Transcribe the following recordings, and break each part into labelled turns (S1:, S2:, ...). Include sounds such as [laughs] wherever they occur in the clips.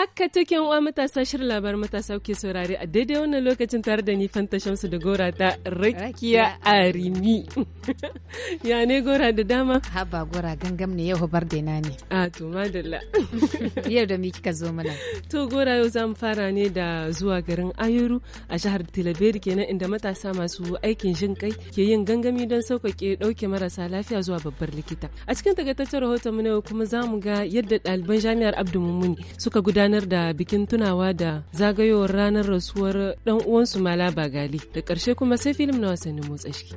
S1: Hug barkatu kin uwa matasa shirin labar matasa ke saurare a daidai wannan lokacin tare da ni fanta shamsu da gora ta rakiya arimi [laughs] ya ne gora da dama haba gora gangam ne yau bar na ne a to madalla [laughs] yau da miki ka zo mana to gora yau mu fara ne da zuwa garin ayuru a shahar tilaberi kenan inda matasa masu aikin jin kai ke yin gangami don sauƙaƙe ɗauke marasa lafiya zuwa babbar likita a cikin takaitaccen rahoton mu na yau kuma zamu ga yadda ɗaliban jami'ar abdu mummuni suka gudanar da bikin tunawa da zagayowar ranar rasuwar dan uwansu Mala Bagali. Da ƙarshe kuma sai filim na wasannin motsa shi.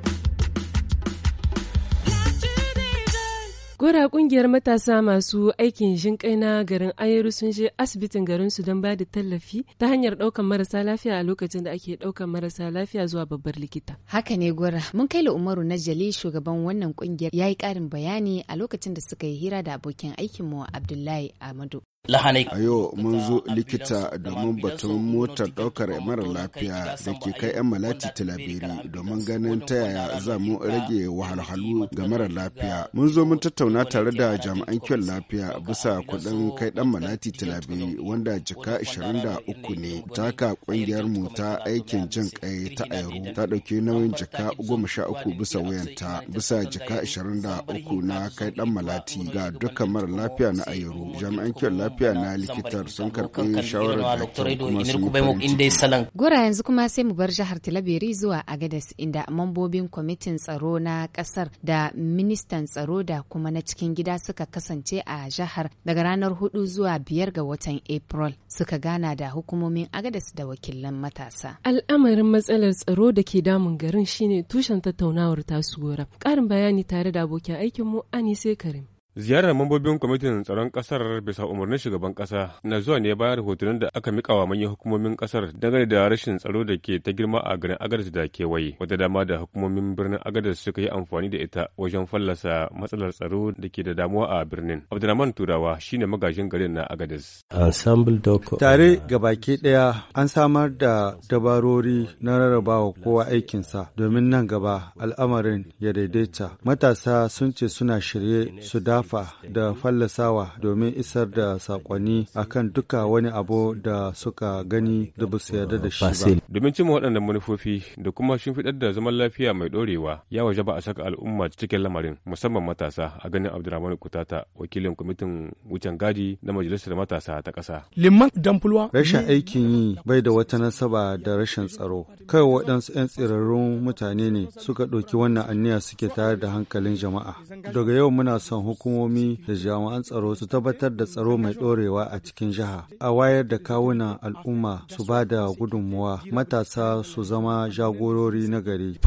S1: Gora kungiyar matasa masu aikin jinƙai na garin Ayeru sun je asibitin garin su don bada tallafi ta hanyar ɗaukar marasa lafiya a lokacin da ake ɗaukar marasa lafiya zuwa babbar likita. Haka ne Gora, mun kai la Umaru na jali shugaban wannan kungiyar ya yi ƙarin bayani a lokacin da suka yi hira da abokin aikinmu Abdullahi Ahmadu.
S2: A yau mun zo likita domin batun motar ɗaukar mara lafiya da ke kai 'yan malati talabiri domin ganin ta yaya za mu rage wahalhalu ga mara lafiya. Mun zo mun tattauna tare da jami'an kiwon lafiya bisa kuɗin kai ɗan malati talabiri wanda jika 23 ne. Ta haka ƙungiyar mu ta aikin jin kai ta Airo ta ɗauki nauyin jika 13 bisa wuyanta bisa jika 23 na kai ɗan malati ga dukkan mara lafiya na Airo. Jami'an kiwon lafiya lafiya na likitar sun karɓi shawarar kuma sun yi
S1: Gora yanzu kuma sai mu bar jihar Talabiri zuwa agadas inda mambobin kwamitin tsaro na ƙasar da ministan tsaro da kuma na cikin gida suka kasance a jihar daga ranar hudu zuwa biyar ga watan April suka gana da hukumomin agadas da wakilan matasa. Al'amarin matsalar tsaro da ke damun garin shine tushen tattaunawar tasu gora. Ƙarin bayani tare da abokin aikinmu Anise Karim.
S3: Ziyarar mambobin kwamitin tsaron kasar bisa umarnin shugaban kasa na zuwa ne bayan rahotannin da aka mika wa manyan hukumomin kasar dangane da rashin tsaro da ke ta girma a garin Agadez da kewaye. Wata dama da hukumomin birnin Agadez suka yi amfani da ita wajen fallasa matsalar tsaro da ke da damuwa a birnin. Abdulrahman Turawa shine magajin garin na Agadez.
S2: Ensemble ga
S3: Tare gabaki
S2: daya an samar da dabarori na rarrabawa kowa aikinsa domin nan gaba al'amarin ya daidaita. Matasa sun ce suna shirye su da liyafa da fallasawa domin isar da sakonni akan duka wani abu da suka gani da ba su yarda da shi ba.
S3: Domin cimma waɗannan manufofi da kuma shimfiɗar da zaman lafiya mai ɗorewa ya waje ba a saka al'umma cikin lamarin musamman matasa a ganin Abdulrahman Kutata wakilin kwamitin wucin gadi na majalisar matasa ta ƙasa.
S2: Liman Damfulwa. Rashin aikin yi bai da wata nasaba da rashin tsaro. Kai waɗansu 'yan tsirarrun mutane ne suka ɗauki wannan anniya suke tare da hankalin jama'a. Daga yau muna son hukuma hukumomi da jami'an tsaro su tabbatar da tsaro mai ɗorewa a cikin jiha a wayar da kawunan al'umma su ba da gudunmuwa matasa su zama jagorori na gari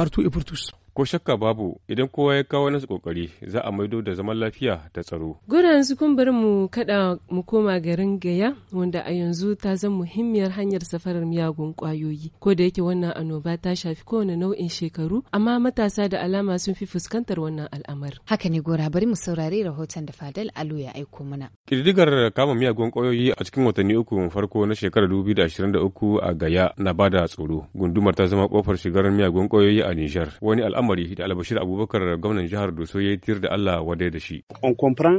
S3: ko shakka babu idan kowa ya kawo nasu kokari za a maido da zaman lafiya ta tsaro.
S1: Gudan su kun bari mu kada mu koma garin Gaya wanda a yanzu ta zan muhimmiyar hanyar safarar miyagun kwayoyi. Ko da yake wannan annoba ta shafi kowane nau'in shekaru amma matasa da alama sun fi fuskantar wannan al'amar. Haka ne gora bari mu saurari rahoton da Fadal Alu ya aiko mana.
S3: Kididdigar kama miyagun kwayoyi a cikin watanni uku farko na shekarar 2023 a Gaya na bada tsoro. Gundumar ta zama kofar shigar miyagun kwayoyi a Nijar. Wani al'amari al'amari da albashir abubakar gwamnan jihar doso ya yi tir da allah wadai da shi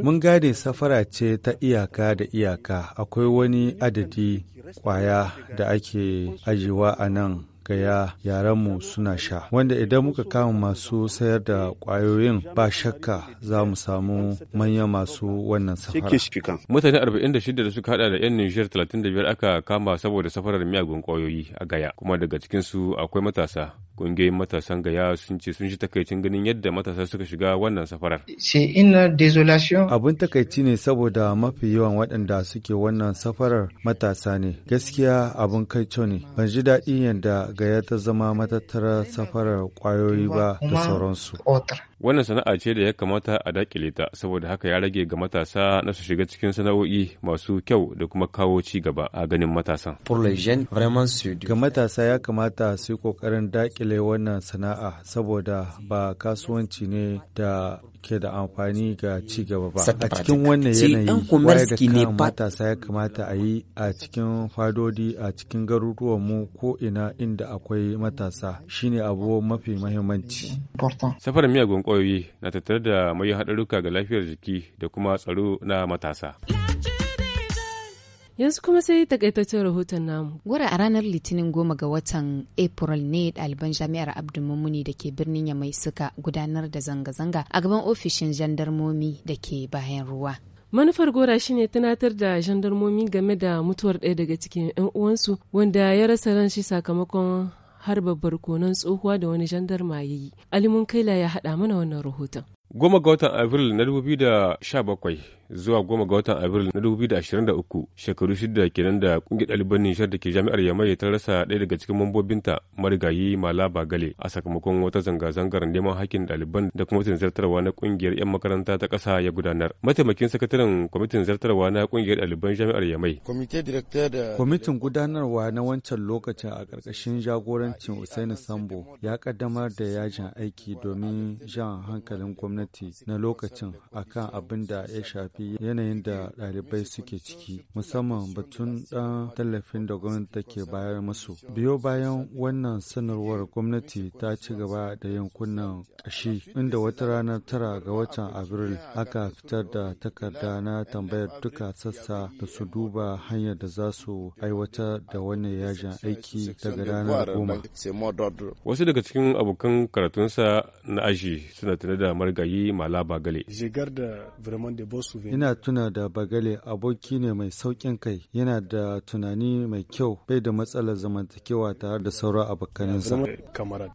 S3: mun
S2: gane safara ce ta iyaka da iyaka akwai wani adadi kwaya da ake ajiyewa a nan gaya yaranmu suna sha wanda idan muka kama masu sayar da kwayoyin ba shakka za mu samu manya masu wannan safara.
S3: Mutane 46 da suka hada da 'yan Nijar 35 aka kama saboda safarar miyagun kwayoyi a gaya kuma daga cikinsu akwai matasa. Ƙungiyoyin matasan gaya sun ce sun shi takaicin ganin yadda matasa suka shiga wannan safarar.
S2: Abin takaici ne saboda mafi yawan waɗanda suke wannan safarar matasa ne. Gaskiya abin kai ne. Ban ji daɗi yadda gaya ta zama matattara safarar ƙwayoyi ba da sauransu.
S3: wannan sana'a ce da ya kamata a dakile ta saboda haka ya rage ga matasa na su shiga cikin sana'o'i masu kyau da kuma kawo ci gaba a ganin matasan
S2: ga matasa ya kamata su yi kokarin dakile wannan sana'a saboda ba kasuwanci ne da ke da amfani ga ci gaba ba a cikin wannan yanayi waye da kan matasa ya kamata a yi a cikin fadodi a cikin garuruwan mu ko ina inda akwai matasa shine abu mafi mahimmanci
S3: safarar miyagun ƙwayoyi na tattare da mai haɗaruka ga lafiyar jiki da kuma tsaro na matasa.
S1: Yanzu kuma sai takaitaccen rahoton namu. Gora a ranar Litinin goma ga watan April ne ɗaliban jami'ar Abdulmumuni da ke birnin Yamai suka gudanar da zanga-zanga a gaban ofishin jandarmomi da ke bayan ruwa. manufar gora shine tunatar da jandarmomi game da mutuwar ɗaya daga cikin 'yan uwansu wanda ya rasa ran shi sakamakon harba barkonon tsohuwa da wani jandarma ya yi alimun kaila ya haɗa mana wannan rahoton
S3: goma ga watan abril na 2017 zuwa goma ga watan abril na 2023 shekaru shida kenan da kungiyar ɗaliban nishar da ke jami'ar yamai ta rasa ɗaya daga cikin mambobinta marigayi malaba gale a sakamakon wata zanga-zangar neman hakkin ɗaliban da kuma zartarwa na kungiyar 'yan makaranta ta ƙasa ya gudanar mataimakin sakataren kwamitin zartarwa na kungiyar ɗaliban jami'ar yamai
S2: kwamitin gudanarwa na wancan lokacin a ƙarƙashin jagorancin usaini sambo ya ƙaddamar da yajin aiki domin jan hankalin gwamnati gwamnati na lokacin a kan abin da ya shafi yanayin da ɗalibai suke ciki musamman batun ɗan tallafin da gwamnati take bayar musu biyo bayan wannan sanarwar gwamnati ta ci gaba da yankunan ƙashi inda wata rana tara ga watan abril aka fitar da takarda na tambayar duka sassa da su duba hanyar da za su aiwata da wannan yajin aiki daga ranar goma
S3: wasu daga cikin abokan karatunsa na aji suna tare da marigayi yi Mala Bagale. Ina
S2: tuna da Bagale aboki ne mai saukin kai, yana da tunani mai kyau, bai da matsalar zamantakewa tare da sauran abokanansa.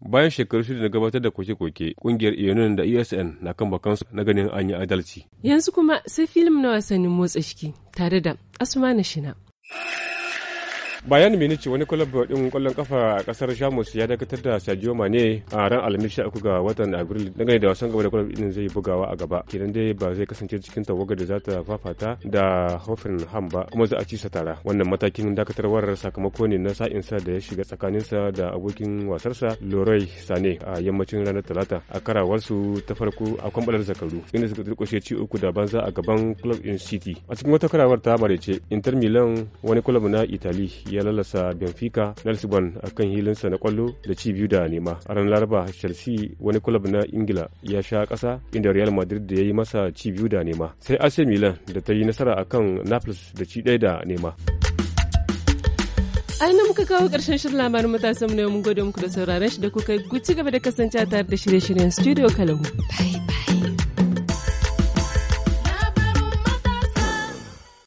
S3: Bayan shekaru shida da gabatar da koke-koke, ƙungiyar enun da ESN na kan bakansu na ganin an yi adalci.
S1: Yanzu kuma sai film na wasannin motsa ciki tare da Asma Shina.
S3: bayan miniti wani kulab din kwallon kafa a kasar shamus ya dakatar da sadio mane a ran alhamis uku ga watan abril dangane da wasan gaba da kwallon din zai bugawa a gaba kenan dai ba zai kasance cikin tawagar da za ta fafata da hoffenheim ba kuma za a ci sa tara wannan matakin dakatarwar sakamako ne na sa'insa da ya shiga tsakaninsa da abokin wasarsa lorai sane a yammacin ranar talata a karawarsu ta farko a kwambalar zakaru inda suka turkushe ci uku da banza a gaban club in city a cikin wata karawar ta ce inter milan wani club na italy ya lalasa benfica lisbon a kan hilinsa na kwallo da ci biyu da nema a ranar laraba chelsea wani kulab na ingila ya sha kasa inda real madrid da ya yi masa ci biyu da nema sai ac milan da ta yi nasara akan naples da ci ɗaya da nema
S1: aina muka kawo ƙarshen shirin labarin matasan mu yau mun gode muku da sauraron shi da kuka ci gaba da kasancewa tare da shirye-shiryen studio kalamu. bye bye